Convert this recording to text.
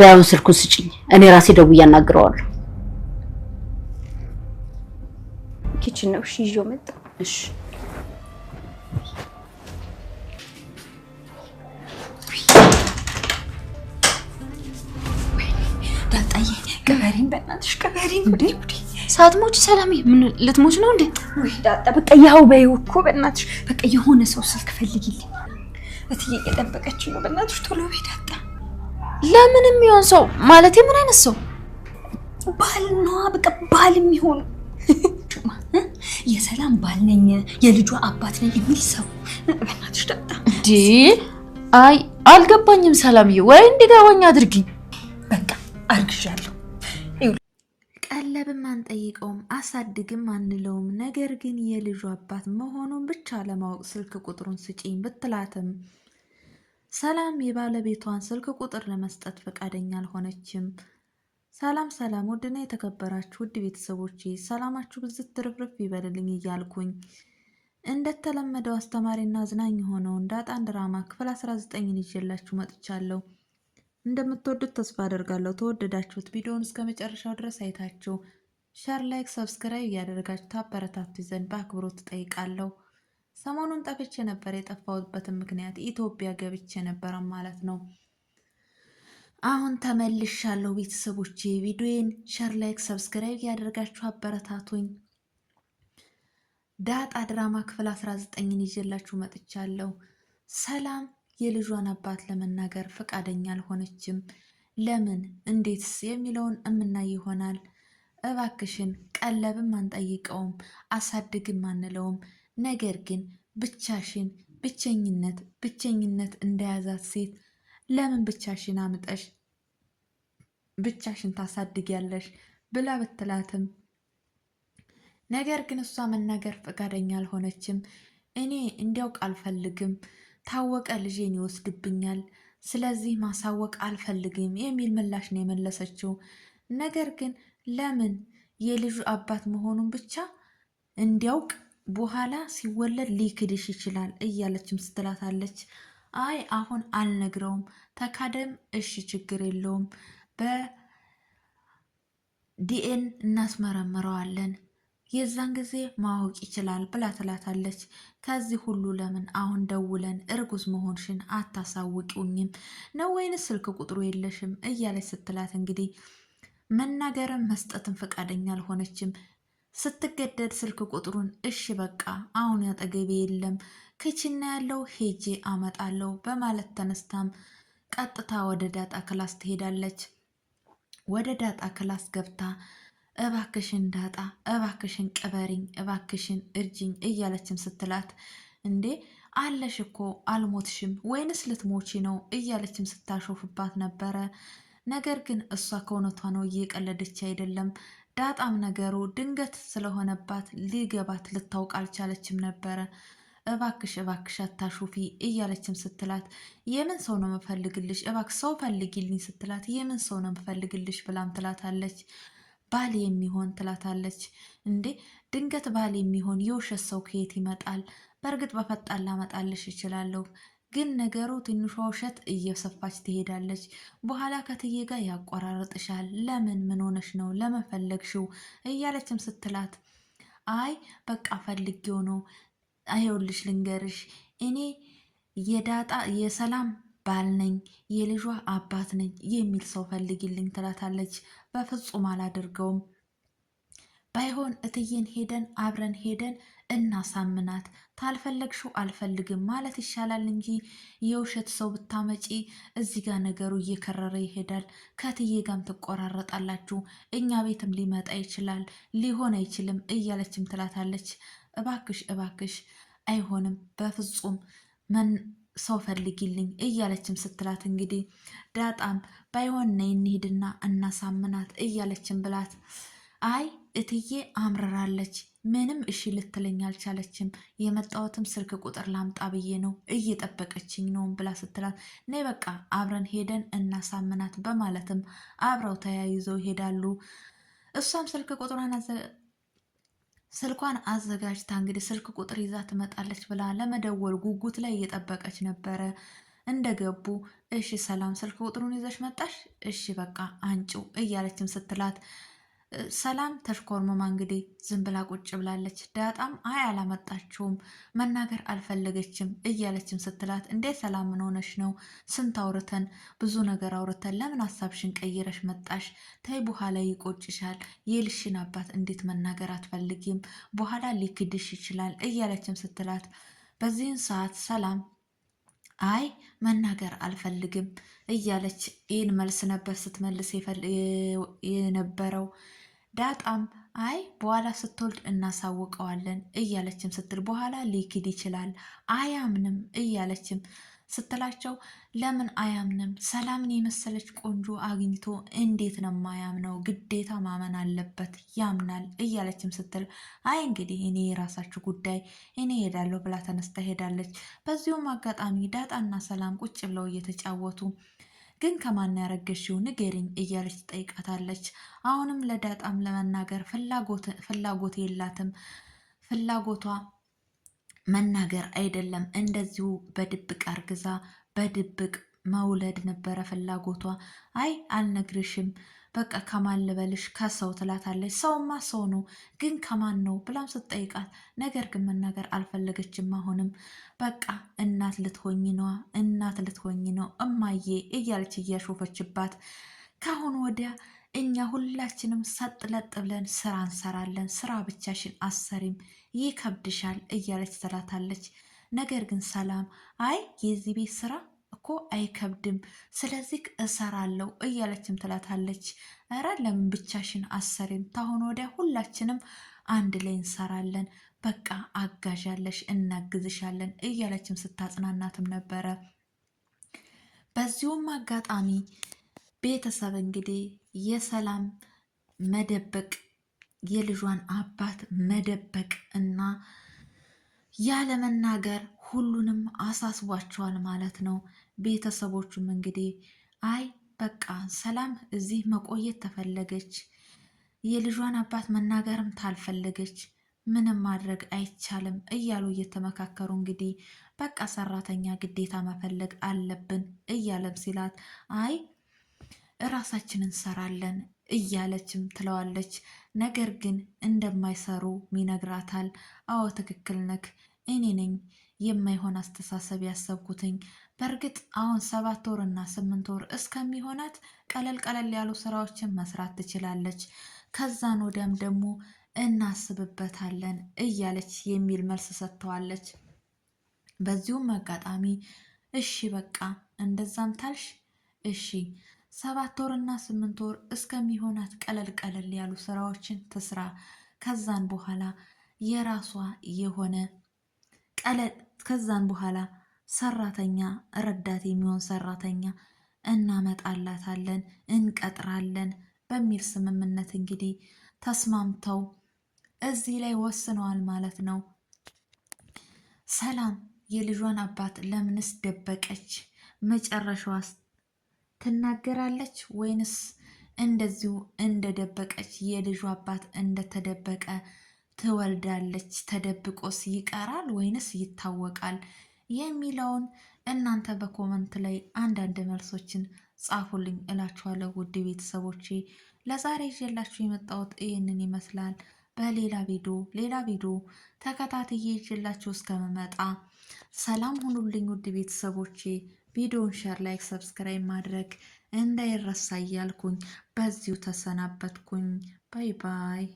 ዳያውን ስልኩን ስጭኝ፣ እኔ ራሴ ደውዬ አናግረዋለሁ። ኪችን ነው። እሺ፣ ይዤው መጣ። እሺ፣ ዳጣዬ በእናትሽ ቅበሪኝ። ጉዴ ሳትሞች ሰላሜ፣ ምን ልትሞች ነው እንዴ? ወይ ዳጣ፣ በቃ ያው በይው እኮ በእናትሽ። በቃ የሆነ ሰው ስልክ እትዬ እየጠበቀችኝ ነው። በእናትሽ ቶሎ በይ ዳጣ ለምን የሚሆን ሰው ማለት ምን አይነት ሰው ባል ነው? በቃ ባል የሚሆን የሰላም ባል ነኝ፣ የልጇ አባት ነኝ የሚል ሰው በእናትሽ አይ አልገባኝም ሰላምዬ፣ ወይ እንዲገባኝ አድርጊ። በቃ አርግሻለሁ። ቀለብም አንጠይቀውም አሳድግም አንለውም። ነገር ግን የልጁ አባት መሆኑን ብቻ ለማወቅ ስልክ ቁጥሩን ስጪኝ ብትላትም ሰላም የባለቤቷን ስልክ ቁጥር ለመስጠት ፈቃደኛ አልሆነችም። ሰላም ሰላም፣ ውድና የተከበራችሁ ውድ ቤተሰቦቼ ሰላማችሁ ብዝት ትርፍርፍ ይበልልኝ እያልኩኝ እንደተለመደው አስተማሪና አዝናኝ የሆነውን ዳጣን ድራማ ክፍል 19ን ይዤላችሁ መጥቻለሁ። እንደምትወዱት ተስፋ አደርጋለሁ። ተወደዳችሁት ቪዲዮውን እስከ መጨረሻው ድረስ አይታችሁ ሸር፣ ላይክ፣ ሰብስክራይብ እያደረጋችሁ ታበረታቱ ዘንድ በአክብሮት ትጠይቃለሁ። ሰሞኑን ጠፍቼ ነበር። የጠፋሁበትን ምክንያት ኢትዮጵያ ገብቼ ነበረ ማለት ነው። አሁን ተመልሻለሁ። ቤተሰቦቼ ቪዲዮዬን ሸር፣ ላይክ፣ ሰብስክራይብ ያደርጋችሁ አበረታቱኝ። ዳጣ ድራማ ክፍል 19ን ይዤላችሁ መጥቻለሁ። ሰላም የልጇን አባት ለመናገር ፈቃደኛ አልሆነችም። ለምን እንዴትስ የሚለውን እምናይ ይሆናል። እባክሽን ቀለብም አንጠይቀውም፣ አሳድግም አንለውም ነገር ግን ብቻሽን ብቸኝነት ብቸኝነት እንደያዛት ሴት ለምን ብቻሽን አምጠሽ ብቻሽን ታሳድጊያለሽ ብላ ብትላትም ነገር ግን እሷ መናገር ፈቃደኛ አልሆነችም። እኔ እንዲያውቅ አልፈልግም፣ ታወቀ ልጄን ይወስድብኛል፣ ስለዚህ ማሳወቅ አልፈልግም የሚል ምላሽ ነው የመለሰችው። ነገር ግን ለምን የልጁ አባት መሆኑን ብቻ እንዲያውቅ በኋላ ሲወለድ ሊክድሽ ይችላል እያለችም ስትላታለች። አይ አሁን አልነግረውም፣ ተካደም፣ እሺ ችግር የለውም በዲኤን እናስመረምረዋለን የዛን ጊዜ ማወቅ ይችላል ብላ ትላታለች። ከዚህ ሁሉ ለምን አሁን ደውለን እርጉዝ መሆንሽን አታሳውቂውኝም ነው ወይንስ ስልክ ቁጥሩ የለሽም? እያለች ስትላት እንግዲህ መናገርም መስጠትም ፈቃደኛ አልሆነችም። ስትገደድ ስልክ ቁጥሩን እሺ በቃ አሁን ያጠገቤ የለም ክችና ያለው ሄጄ አመጣለሁ በማለት ተነስታም ቀጥታ ወደ ዳጣ ክላስ ትሄዳለች። ወደ ዳጣ ክላስ ገብታ እባክሽን ዳጣ እባክሽን ቅበሪኝ እባክሽን እርጅኝ እያለችም ስትላት እንዴ አለሽ እኮ አልሞትሽም ወይንስ ልትሞቺ ነው እያለችም ስታሾፍባት ነበረ። ነገር ግን እሷ ከእውነቷ ነው እየቀለደች አይደለም። ዳጣም ነገሩ ድንገት ስለሆነባት ሊገባት ልታውቅ አልቻለችም ነበረ። እባክሽ እባክሽ አታሹፊ እያለችም ስትላት የምን ሰው ነው የምፈልግልሽ እባክ ሰው ፈልጊልኝ ስትላት የምን ሰው ነው የምፈልግልሽ ብላም ትላታለች። ባል የሚሆን ትላታለች። እንዴ ድንገት ባል የሚሆን የውሸት ሰው ከየት ይመጣል? በእርግጥ በፈጣን ላመጣልሽ እችላለሁ ግን ነገሩ ትንሿ ውሸት እየሰፋች ትሄዳለች። በኋላ ከትዬ ጋር ያቆራረጥሻል። ለምን ምን ሆነሽ ነው? ለምን ፈለግሽው? እያለችም ስትላት አይ በቃ ፈልጌው ነው። አየውልሽ ልንገርሽ፣ እኔ የዳጣ የሰላም ባል ነኝ፣ የልጇ አባት ነኝ የሚል ሰው ፈልጊልኝ ትላታለች። በፍጹም አላደርገውም። ባይሆን እትዬን ሄደን አብረን ሄደን እናሳምናት። ታልፈለግሽው አልፈልግም ማለት ይሻላል እንጂ የውሸት ሰው ብታመጪ እዚህ ጋር ነገሩ እየከረረ ይሄዳል። ከትዬ ጋም ትቆራረጣላችሁ። እኛ ቤትም ሊመጣ ይችላል፣ ሊሆን አይችልም እያለችም ትላታለች። እባክሽ እባክሽ፣ አይሆንም በፍጹም መን ሰው ፈልጊልኝ እያለችም ስትላት እንግዲህ ዳጣም ባይሆን ነይ እንሂድና እናሳምናት እያለችም ብላት አይ እትዬ አምርራለች ምንም እሺ ልትለኝ አልቻለችም። የመጣሁትም ስልክ ቁጥር ላምጣ ብዬ ነው እየጠበቀችኝ ነውም ብላ ስትላት ነይ በቃ አብረን ሄደን እናሳምናት በማለትም አብረው ተያይዘው ይሄዳሉ። እሷም ስልክ ቁጥሯን ስልኳን አዘጋጅታ እንግዲህ ስልክ ቁጥር ይዛ ትመጣለች ብላ ለመደወል ጉጉት ላይ እየጠበቀች ነበረ። እንደገቡ እሺ ሰላም፣ ስልክ ቁጥሩን ይዘሽ መጣሽ? እሺ በቃ አንጩ እያለችም ስትላት ሰላም ተሽኮርመማ እንግዲህ ዝም ብላ ቁጭ ብላለች። ዳጣም አይ አላመጣችውም መናገር አልፈለገችም እያለችም ስትላት እንዴ ሰላም ምን ሆነሽ ነው? ስንት አውርተን ብዙ ነገር አውርተን ለምን ሀሳብሽን ቀይረሽ መጣሽ? ተይ በኋላ ይቆጭሻል። የልሽን አባት እንዴት መናገር አትፈልጊም? በኋላ ሊክድሽ ይችላል እያለችም ስትላት በዚህን ሰዓት ሰላም አይ መናገር አልፈልግም እያለች ይህን መልስ ነበር ስትመልስ የነበረው። ዳጣም አይ በኋላ ስትወልድ እናሳውቀዋለን እያለችም ስትል በኋላ ሊክድ ይችላል አያምንም እያለችም ስትላቸው ለምን አያምንም? ሰላምን የመሰለች ቆንጆ አግኝቶ እንዴት ነው የማያምነው? ግዴታ ማመን አለበት፣ ያምናል እያለችም ስትል አይ እንግዲህ እኔ የራሳችሁ ጉዳይ እኔ ሄዳለሁ ብላ ተነስታ ሄዳለች። በዚሁም አጋጣሚ ዳጣና ሰላም ቁጭ ብለው እየተጫወቱ ግን ከማን ያረገሽው ንገሪኝ እያለች ትጠይቃታለች። አሁንም ለዳጣም ለመናገር ፍላጎት የላትም። ፍላጎቷ መናገር አይደለም፣ እንደዚሁ በድብቅ አርግዛ በድብቅ መውለድ ነበረ ፍላጎቷ። አይ አልነግርሽም በቃ ከማን ልበልሽ ከሰው ትላታለች። ሰውማ ሰው ነው ግን ከማን ነው ብላም ስትጠይቃት፣ ነገር ግን መናገር አልፈለገችም። አሁንም በቃ እናት ልትሆኝ ነዋ እናት ልትሆኝ ነው እማዬ እያለች እያሾፈችባት ካሁን ወዲያ እኛ ሁላችንም ሰጥ ለጥ ብለን ስራ እንሰራለን፣ ስራ ብቻሽን አሰሪም ይከብድሻል እያለች ትላታለች። ነገር ግን ሰላም አይ የዚህ ቤት ስራ እኮ አይከብድም፣ ስለዚህ እሰራለሁ እያለችም ትላታለች። እረ ለምን ብቻሽን አሰሪም? ታሁን ወዲያ ሁላችንም አንድ ላይ እንሰራለን፣ በቃ አጋዣለሽ፣ እናግዝሻለን እያለችም ስታጽናናትም ነበረ። በዚሁም አጋጣሚ ቤተሰብ እንግዲህ የሰላም መደበቅ የልጇን አባት መደበቅ እና ያለመናገር ሁሉንም አሳስቧቸዋል ማለት ነው። ቤተሰቦቹም እንግዲህ አይ በቃ ሰላም እዚህ መቆየት ተፈለገች፣ የልጇን አባት መናገርም ታልፈለገች፣ ምንም ማድረግ አይቻልም እያሉ እየተመካከሩ እንግዲህ በቃ ሰራተኛ ግዴታ መፈለግ አለብን እያለም ሲላት አይ እራሳችን እንሰራለን እያለችም ትለዋለች። ነገር ግን እንደማይሰሩ ይነግራታል። አዎ ትክክል ነክ እኔ ነኝ የማይሆን አስተሳሰብ ያሰብኩትኝ። በእርግጥ አሁን ሰባት ወር እና ስምንት ወር እስከሚሆናት ቀለል ቀለል ያሉ ስራዎችን መስራት ትችላለች። ከዛን ወዲያም ደግሞ እናስብበታለን እያለች የሚል መልስ ሰጥተዋለች። በዚሁም አጋጣሚ እሺ በቃ እንደዛም ታልሽ እሺ ሰባት ወር እና ስምንት ወር እስከሚሆናት ቀለል ቀለል ያሉ ስራዎችን ትስራ። ከዛን በኋላ የራሷ የሆነ ቀለጥ ከዛን በኋላ ሰራተኛ ረዳት የሚሆን ሰራተኛ እናመጣላታለን እንቀጥራለን በሚል ስምምነት እንግዲህ ተስማምተው እዚህ ላይ ወስነዋል ማለት ነው። ሰላም የልጇን አባት ለምንስ ደበቀች? መጨረሻዋስ ትናገራለች ወይንስ እንደዚሁ እንደደበቀች የልጇ አባት እንደተደበቀ ትወልዳለች ተደብቆስ ይቀራል ወይንስ ይታወቃል የሚለውን እናንተ በኮመንት ላይ አንዳንድ መልሶችን ጻፉልኝ እላችኋለሁ። ውድ ቤተሰቦቼ ለዛሬ ይዤላችሁ የመጣሁት ይህንን ይመስላል። በሌላ ቪዲዮ ሌላ ቪዲዮ ተከታትዬ ይዤላችሁ እስከምመጣ ሰላም ሁኑልኝ። ውድ ቤተሰቦቼ ቪዲዮን ሸር፣ ላይክ፣ ሰብስክራይብ ማድረግ እንዳይረሳ እያልኩኝ በዚሁ ተሰናበትኩኝ። ባይ ባይ።